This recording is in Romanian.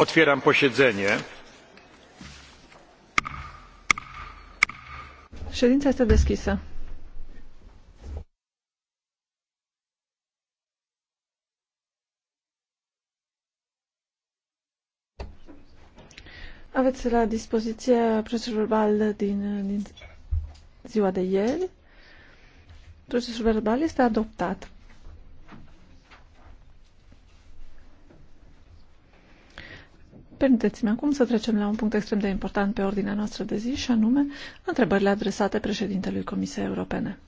Otwieram posiedzenie. Ședința este deschisă. Aveți la dispoziție procesul verbal din, din ziua de ieri. Procesul verbal este adoptat. Permiteți-mi acum să trecem la un punct extrem de important pe ordinea noastră de zi, și anume întrebările adresate președintelui Comisiei Europene.